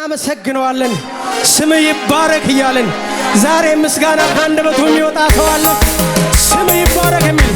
እናመሰግነዋለን። ስም ይባረክ እያለን ዛሬ ምስጋና ከአንደበቱ የሚወጣ ሰው አለ። ስም ይባረክ የሚል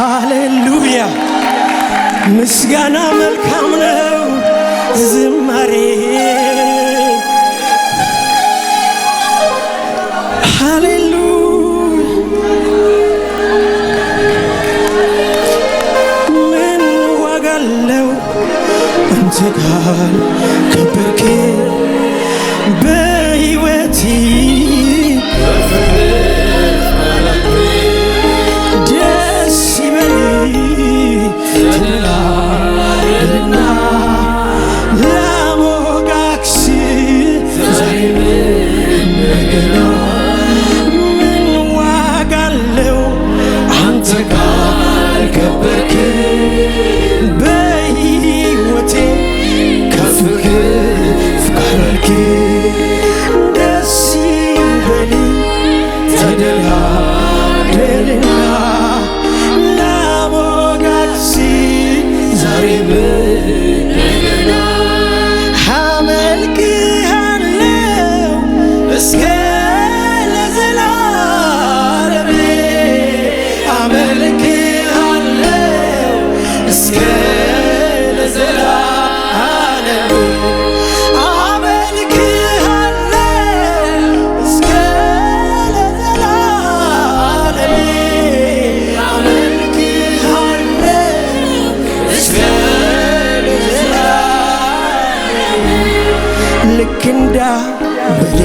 ሃሌሉያ ምስጋና መልካም ነው ዝማሬ ሃሌሉያ ምን ዋጋለው አንተ ጋር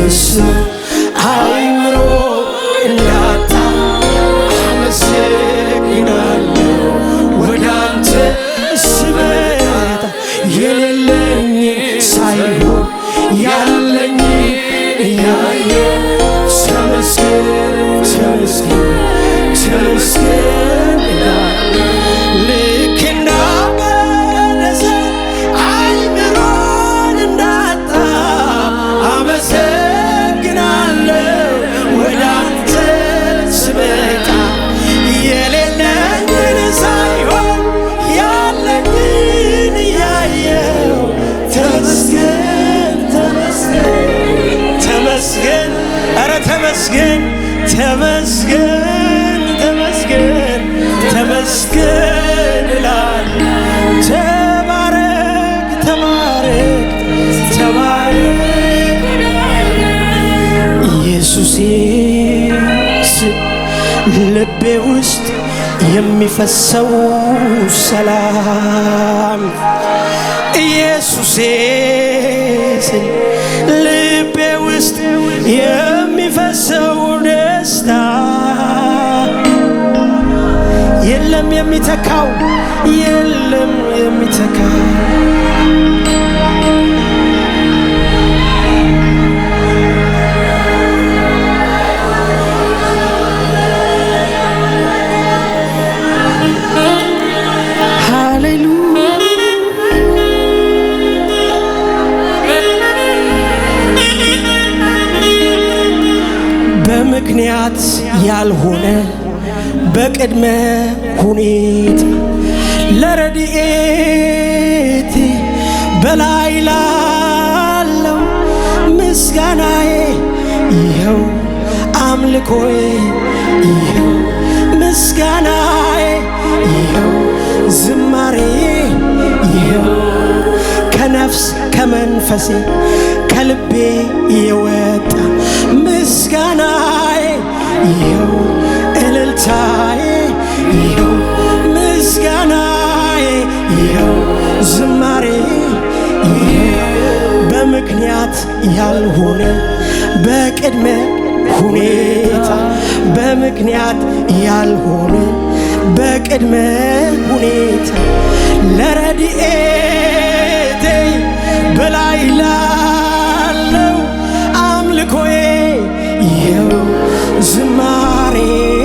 listen ኢየሱሴ ልቤ ውስጥ የሚፈሰው ሰላም ኢየሱስ ልቤ ውስጥ የሚፈሰው ደስታ የለም የሚተካው የለም የሚተካው ምክንያት ያልሆነ በቅድመ ሁኔታ ለረድኤት በላይ ላለው ምስጋናዬ ይኸው አምልኮዬ ይኸው ምስጋናዬ ይኸው ዝማሬዬ ይኸው ከነፍስ ከመንፈሴ ከልቤ የወጣ ምስጋና ይኸው እልልታዬ ይኸው ምስጋናዬ ይኸው ዝማሬ ይሄ በምክንያት ያልሆነ በቅድመ ሁኔታ በምክንያት ያልሆነ በቅድመ ሁኔታ ለረድኤቴ በላይ ላይ you, Zimari.